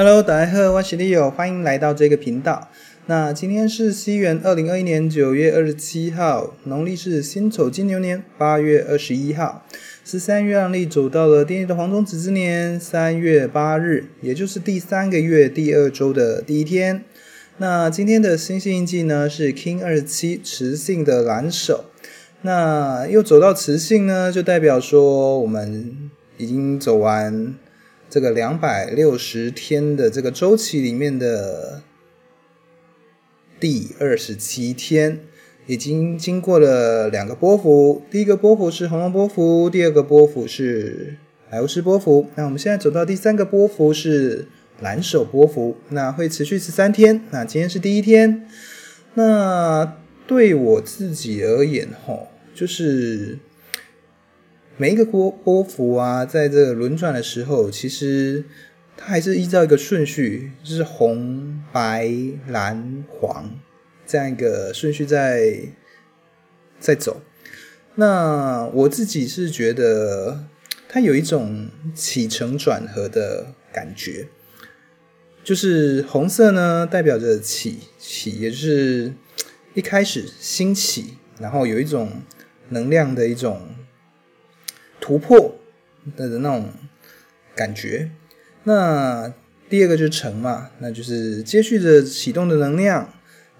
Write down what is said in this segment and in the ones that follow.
Hello，大家好，我是 Leo，歡迎來到這個頻道。那今天是西元二零二一年九月二十七號，農曆是辛丑金牛年八月二十一號，十三月亮曆走到了電力的黃種子之年三月八日，也就是第三個月第二周的第一天。那今天的星系印記呢是 KIN 二十七，磁性的藍手。那又走到磁性呢，就代表說我們已經走完。這個兩百六十天的這個周期裡面的第二十七天，已經經過了兩個波幅，第一個波幅是紅龍波幅，第二個波幅是白巫師波幅。那我們現在走到第三個波幅是藍手波幅，那會持續十三天。那今天是第一天，那對我自己而言吼，就是。每一個波波幅啊，在這個輪轉的時候，其實它還是依照一個順序，就是紅、白、藍、黃這樣一個順序在在走。那我自己是覺得它有一種起承轉合的感覺，就是紅色呢代表着起起，也就是一開始興起，然後有一種能量的一種。突破的那種感覺。那第二個就是承嘛，那就是接續着啟動的能量，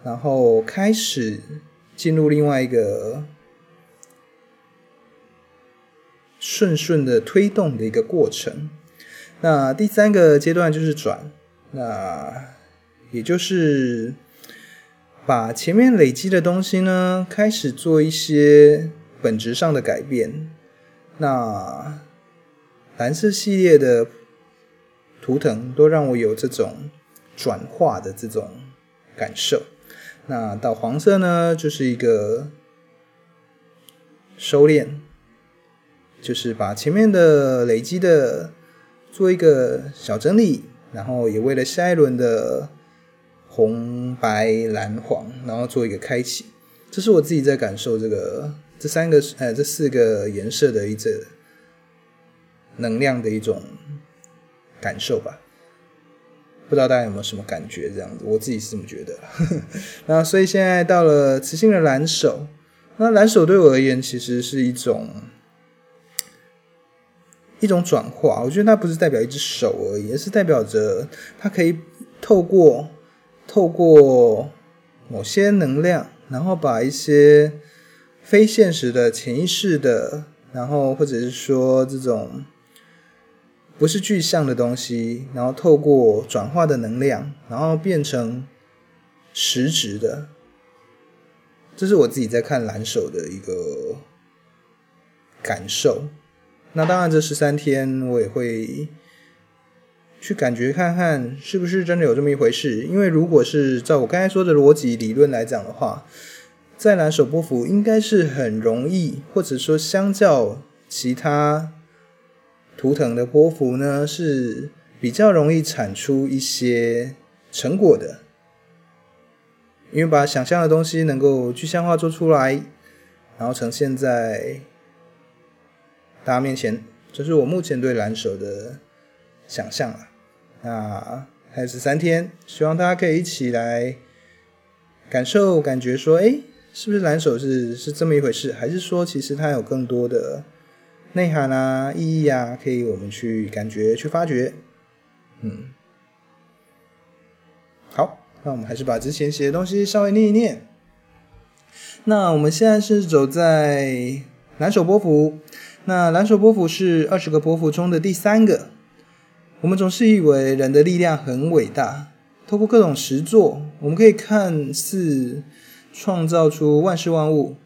然後開始進入另外一個順順的推動的一個過程。那第三個階段就是轉，那也就是把前面累積的東西呢，開始做一些本質上的改變。那藍色系列的圖騰都讓我有這種轉化的這種感受。那到黃色呢，就是一個收斂，就是把前面的累積的做一個小整理，然後也為了下一輪的紅白藍黃，然後做一個開啟。這是我自己在感受這個這三個呃這四個顏色的一種能量的一種感受吧，不知道大家有沒有什麼感覺？這樣子，我自己是這麼覺得。呵呵，那所以現在到了磁性的藍手，那藍手對我而言其實是一種一種轉化。我覺得它不是代表一隻手而已，而是代表着它可以透過透過某些能量。然後把一些非現實的、潛意識的，然後或者是說這種不是具象的東西，然後透過轉化的能量，然後變成實質的。這是我自己在看藍手的一個感受。那當然這十三天我也會。去感覺看看是不是真的有這麼一回事？因為如果是照我剛才說的邏輯理論來講的話，在藍手波符應該是很容易，或者說相較其他圖騰的波符呢，是比較容易產出一些成果的，因為把想象的東西能夠具象化做出來，然後呈現在大家面前，這是我目前對藍手的想象了。那還是三天，希望大家可以一起來感受、感覺說，哎，是不是藍手是是這麼一回事，還是說其實它有更多的內涵啊、意義啊，可以我們去感覺、去發掘。嗯，好，那我們還是把之前寫的東西稍微念一念。那我們現在是走在藍手波符，那藍手波符是二十個波符中的第三個。我們總是以為人的力量很偉大，透過各種實作，我們可以看似創造出萬事萬物；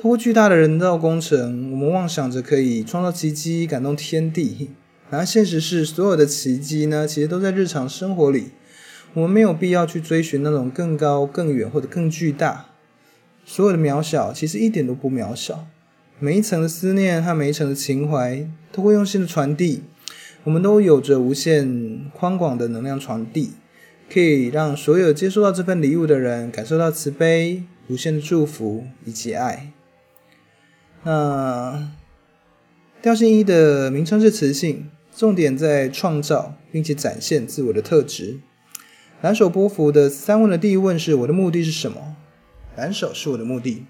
通過巨大的人造工程，我們妄想着可以創造奇蹟、感動天地。然而，現實是，所有的奇蹟呢，其實都在日常生活裡。我們沒有必要去追尋那種更高、更遠或者更巨大。所有的渺小，其實一點都不渺小。每一層的思念和每一層的情懷，都會用心的傳遞。我們都有着無限寬廣的能量傳遞，可以讓所有接受到這份禮物的人感受到慈悲、無限的祝福以及愛。那、嗯、調性一的名稱是磁性，重點在創造並且展現自我的特質。藍手波符的三問的第一問是：我的目的是什麼？藍手是我的目的。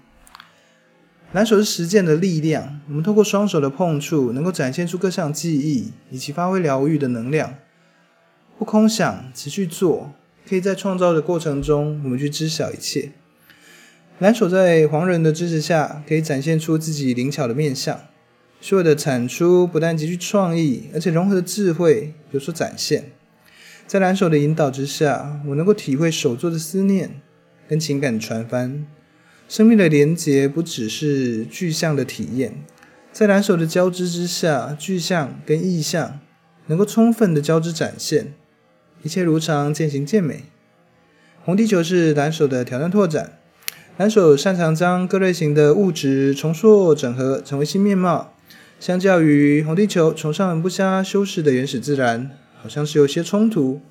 藍手是實踐的力量，我們透過雙手的碰觸，能夠展現出各項技藝，以及發揮療癒的能量。不空想，只去做，可以在創造的過程中，我們去知曉一切。藍手在黃人的支持下，可以展現出自己靈巧的面相。所有的產出不但極具創意，而且融合了智慧有所展現。在藍手的引導之下，我能夠體會手作的思念跟情感的傳翻。生命的連結不只是具象的體驗，在藍手的交織之下，具象跟意象能夠充分的交織展現，一切如常漸行漸美。紅地球是藍手的挑戰拓展，藍手擅長將各類型的物質重塑整合成為新面貌。相較於紅地球崇尚不加修飾的原始自然，好像是有些衝突，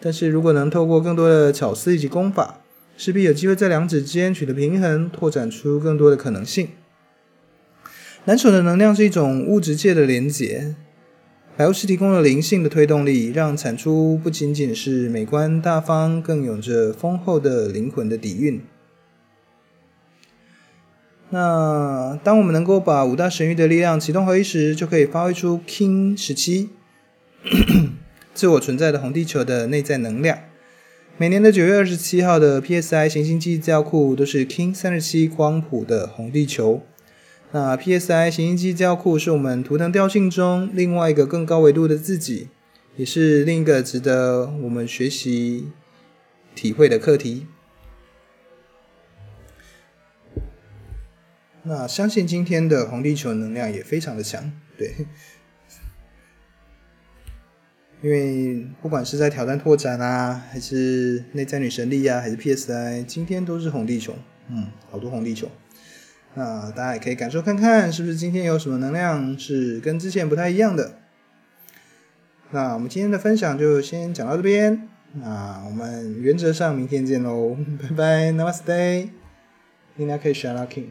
但是如果能透過更多的巧思以及功法，勢必有機會在兩者之間取得平衡，拓展出更多的可能性。藍手的能量是一種物質界的連結，白巫師提供了靈性的推動力，讓產出不僅僅是美觀大方，更有着豐厚的靈魂的底蘊。那當我們能夠把五大神域的力量啟動合一時，就可以發揮出 KIN 17 自我存在的紅地球的內在能量。每年的九月二十七號的 PSI 行星紀教庫都是 KIN 三十七光譜的紅地球。那 PSI 行星紀教庫是我們圖騰調性中另外一個更高維度的自己，也是另一個值得我們學習、體會的課題。那相信今天的紅地球能量也非常的強，對。因為不管是在挑戰拓展啊，還是內在女神力啊，還是 PSI，今天都是紅地球，嗯，好多紅地球。那大家也可以感受看看，是不是今天有什麼能量是跟之前不太一樣的？那我們今天的分享就先講到這邊，那我們原則上明天見嘍，拜拜，Namaste，大家可以 share lucky。